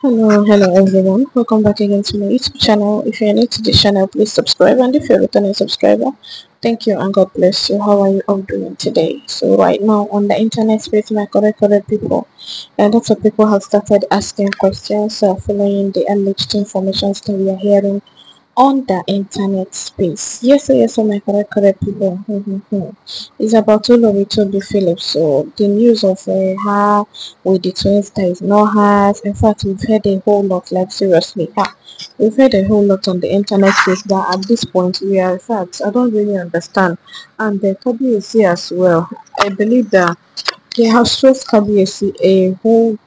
hello hello everyone welcome back again to my youtube channel if you're new to this channel please subscribe and if you're a returning subscriber thank you and god bless you how are you all doing today so right now on the internet space my correct correct people and lots of people have started asking questions uh, following the alleged information that we are hearing on the internet space. Yes, yes, so oh my correct, correct people. it's about Oloritobi Phillips. So the news of uh, her with the twins that is not hers. In fact, we've heard a whole lot. Like seriously, we've heard a whole lot on the internet space. But at this point, we are in fact, I don't really understand. And the here as well. I believe that they have stressed Kabi a whole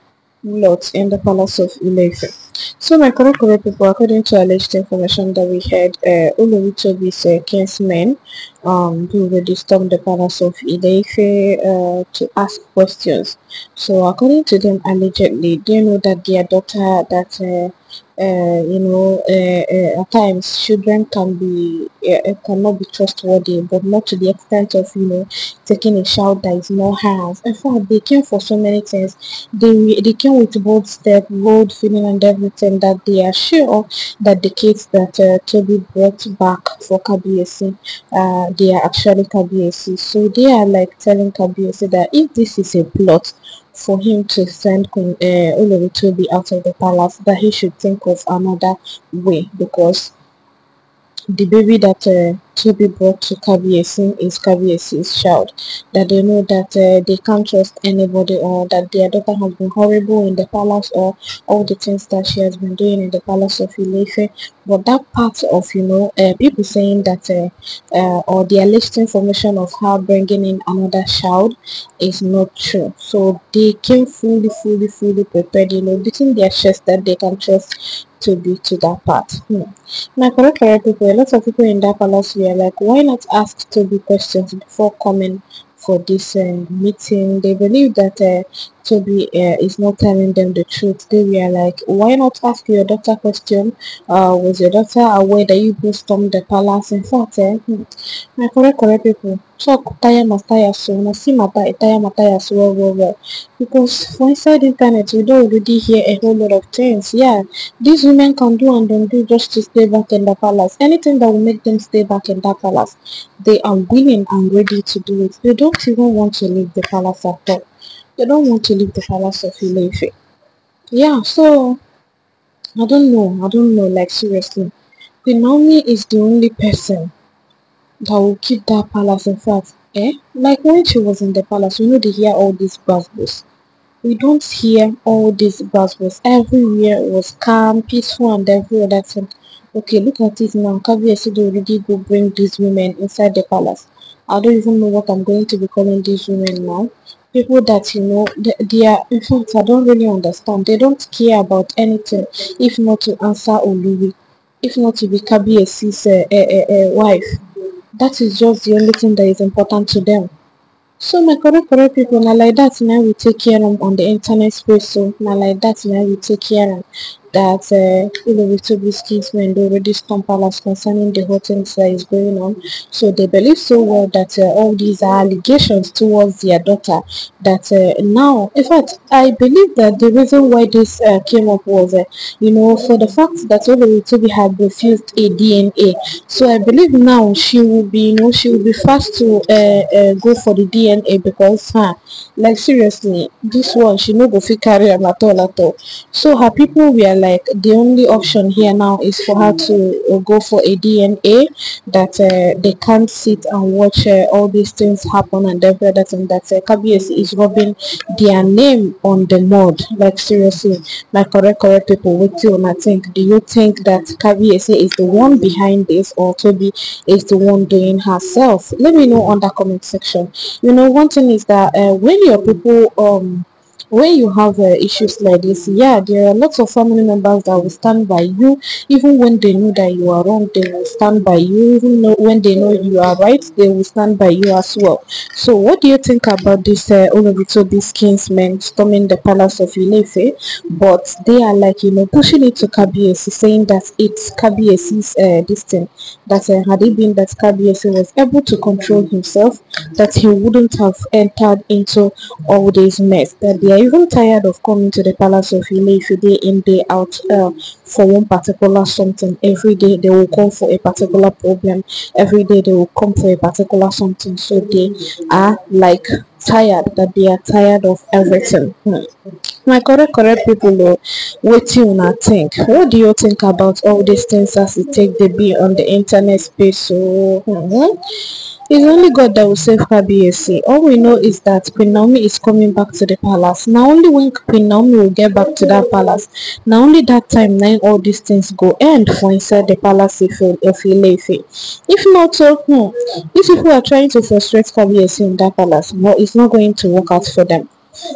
lot in the palace of Ilefe so my correct correct people, according to alleged information that we had, uh, Oluwitobi's uh, kinsmen um, who already stormed the palace of Ileife uh, to ask questions. So according to them, allegedly, they know that their daughter, that uh, uh, you know, uh, uh at times children can be uh, uh, cannot be trustworthy, but not to the extent of you know taking a child that is not hers. In fact, they came for so many things. They they came with both step, bold feeling, and everything that they are sure that the kids that uh, Toby brought back for KBSC, uh, they are actually KBSC. So they are like telling KBSC that if this is a plot for him to send uh, Toby out of the palace, that he should think of another way because the baby that uh, to be brought to Kabiyesi is Kabiyesi's child. That they know that uh, they can't trust anybody or that their daughter has been horrible in the palace or all the things that she has been doing in the palace of Ilefe. But that part of, you know, uh, people saying that uh, uh or the alleged information of her bringing in another child is not true. So they came fully, fully, fully prepared, you know, beating their chest that they can trust to be to that part. Hmm. Now, correct, correct people, a lot of people in that palace like why not ask Toby questions before coming for this uh, meeting they believe that uh, Toby uh, is not telling them the truth. They were like, why not ask your doctor question? Uh, was your doctor aware that you both stormed the palace? In fact, eh, hmm, my correct, correct people, talk tire mataya so, I see mataya, tire mataya so, well, well, well. Because for inside internet, we don't already hear a whole lot of things. Yeah, these women can do and don't do just to stay back in the palace. Anything that will make them stay back in that palace, they are willing and ready to do it. They don't even want to leave the palace at all they don't want to leave the palace of Ilefe. Yeah, so I don't know. I don't know. Like seriously, the Naomi is the only person that will keep that palace. In fact, eh? Like when she was in the palace, we know they hear all these buzzwords. We don't hear all these buzzwords. Everywhere was calm, peaceful, and every other thing. Okay, look at this now. Kavi said already go bring these women inside the palace. I don't even know what I'm going to be calling these women now people that you know they are. in fact i don't really understand they don't care about anything if not to answer oluri if not to be kabiesi's uh, eh, uh, eh, uh, eh, wife that is just the only thing that is important to them so my correct correct people now like that now we take care of on the internet space so now like that now we take care of that uh, Ilovitu Biscuits went over these compilers concerning the whole things that is going on. So they believe so well that uh, all these are allegations towards their daughter that uh, now, in fact, I believe that the reason why this uh, came up was, uh, you know, for the fact that Ilovitu had refused a DNA. So I believe now she will be, you know, she will be fast to uh, uh, go for the DNA because like seriously this one she no go fit carry am at all at all so her people were like the only option here now is for her to go for a dna That uh, they can't sit and watch uh, all these things happen and everything that uh, kbs is rubbing their name on the mud like seriously my correct correct pipo wetin una think do you think that kbs is the one behind this, or Toby is the one doing herself let me know on that comment section you know one thing is that when you your people um when you have uh, issues like this yeah there are lots of family members that will stand by you even when they know that you are wrong they will stand by you even when they know you are right they will stand by you as well so what do you think about this uh, these kinsmen storming the palace of Ilefe but they are like you know pushing it to Kabiesi saying that it's Kabiesi's uh, this thing that uh, had it been that Kabiesi was able to control himself that he wouldn't have entered into all this mess that they even tired of coming to the palace of you day in, day out uh, for one particular something. Every day they will come for a particular problem. Every day they will come for a particular something. So they are like tired that they are tired of everything. Hmm. My correct, correct people, oh, what do you think? What do you think about all these things as it take the be on the internet space? So, hmm? It's only God that will save her BSC. All we know is that Queen Naomi is coming back to the palace. Now only when Queen Naomi will get back to that palace, now only that time nine all these things go end for inside the palace if Ife. If not, so, uh, hmm, these people are trying to frustrate Kabiesi in that palace, but it's not going to work out for them.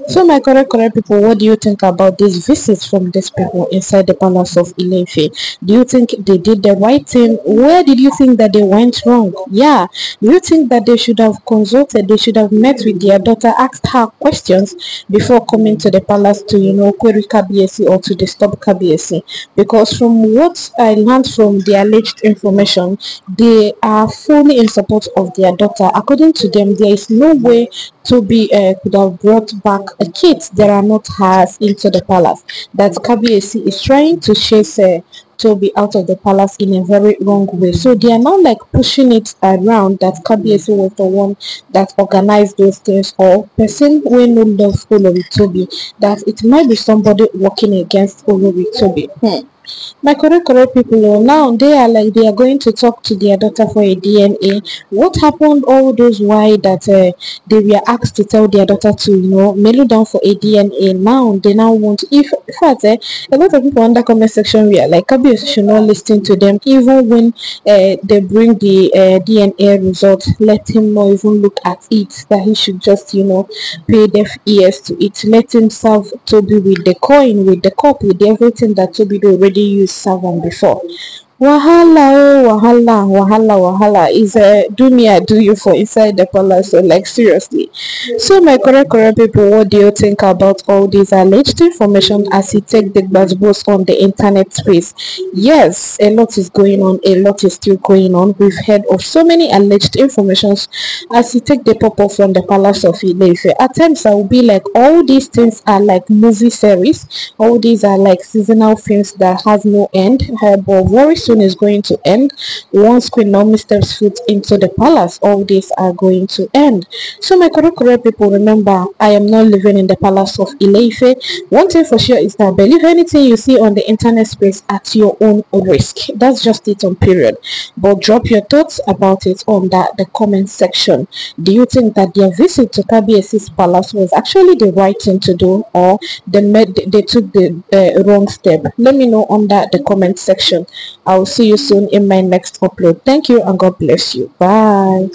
So my correct correct people, what do you think about these visits from these people inside the palace of Ilefe? Do you think they did the right thing? Where did you think that they went wrong? Yeah. Do you think that they should have consulted, they should have met with their daughter, asked her questions before coming to the palace to, you know, query KBSC or to disturb KBSC? Because from what I learned from the alleged information, they are fully in support of their daughter. According to them, there is no way to uh, could have brought back a kid that are not hers into the palace. That KBAC is trying to chase uh, Toby out of the palace in a very wrong way. So they are now like pushing it around that KBAC was the one that organized those things or person who no loves Olori Toby that it might be somebody working against Olori Toby. Hmm my correct correct people now they are like they are going to talk to their daughter for a dna what happened all those why that uh, they were asked to tell their daughter to you know mail down for a dna now they now want if in fact uh, a lot of people on the comment section were like abuse should not listen to them even when uh, they bring the uh, dna result let him not even look at it that he should just you know pay deaf ears to it let himself to be with the coin with the cup with everything that toby already already used someone before wahala oh wahala wahala wahala is a eh, do me i do you for inside the palace so oh, like seriously so my correct correct people what do you think about all these alleged information as he take the buzz on the internet space yes a lot is going on a lot is still going on we've heard of so many alleged informations as he take the pop from the palace of Ilefe. at times i will be like all these things are like movie series all these are like seasonal films that has no end but very soon is going to end. Once Queen Naomi steps foot into the palace, all these are going to end. So my Korokoro people, remember, I am not living in the palace of Ileife. One thing for sure is that believe anything you see on the internet space at your own risk. That's just it on period. But drop your thoughts about it on the comment section. Do you think that their visit to KBS's palace was actually the right thing to do or they, made, they took the uh, wrong step? Let me know under the comment section. I'll I'll see you soon in my next upload. Thank you and God bless you. Bye.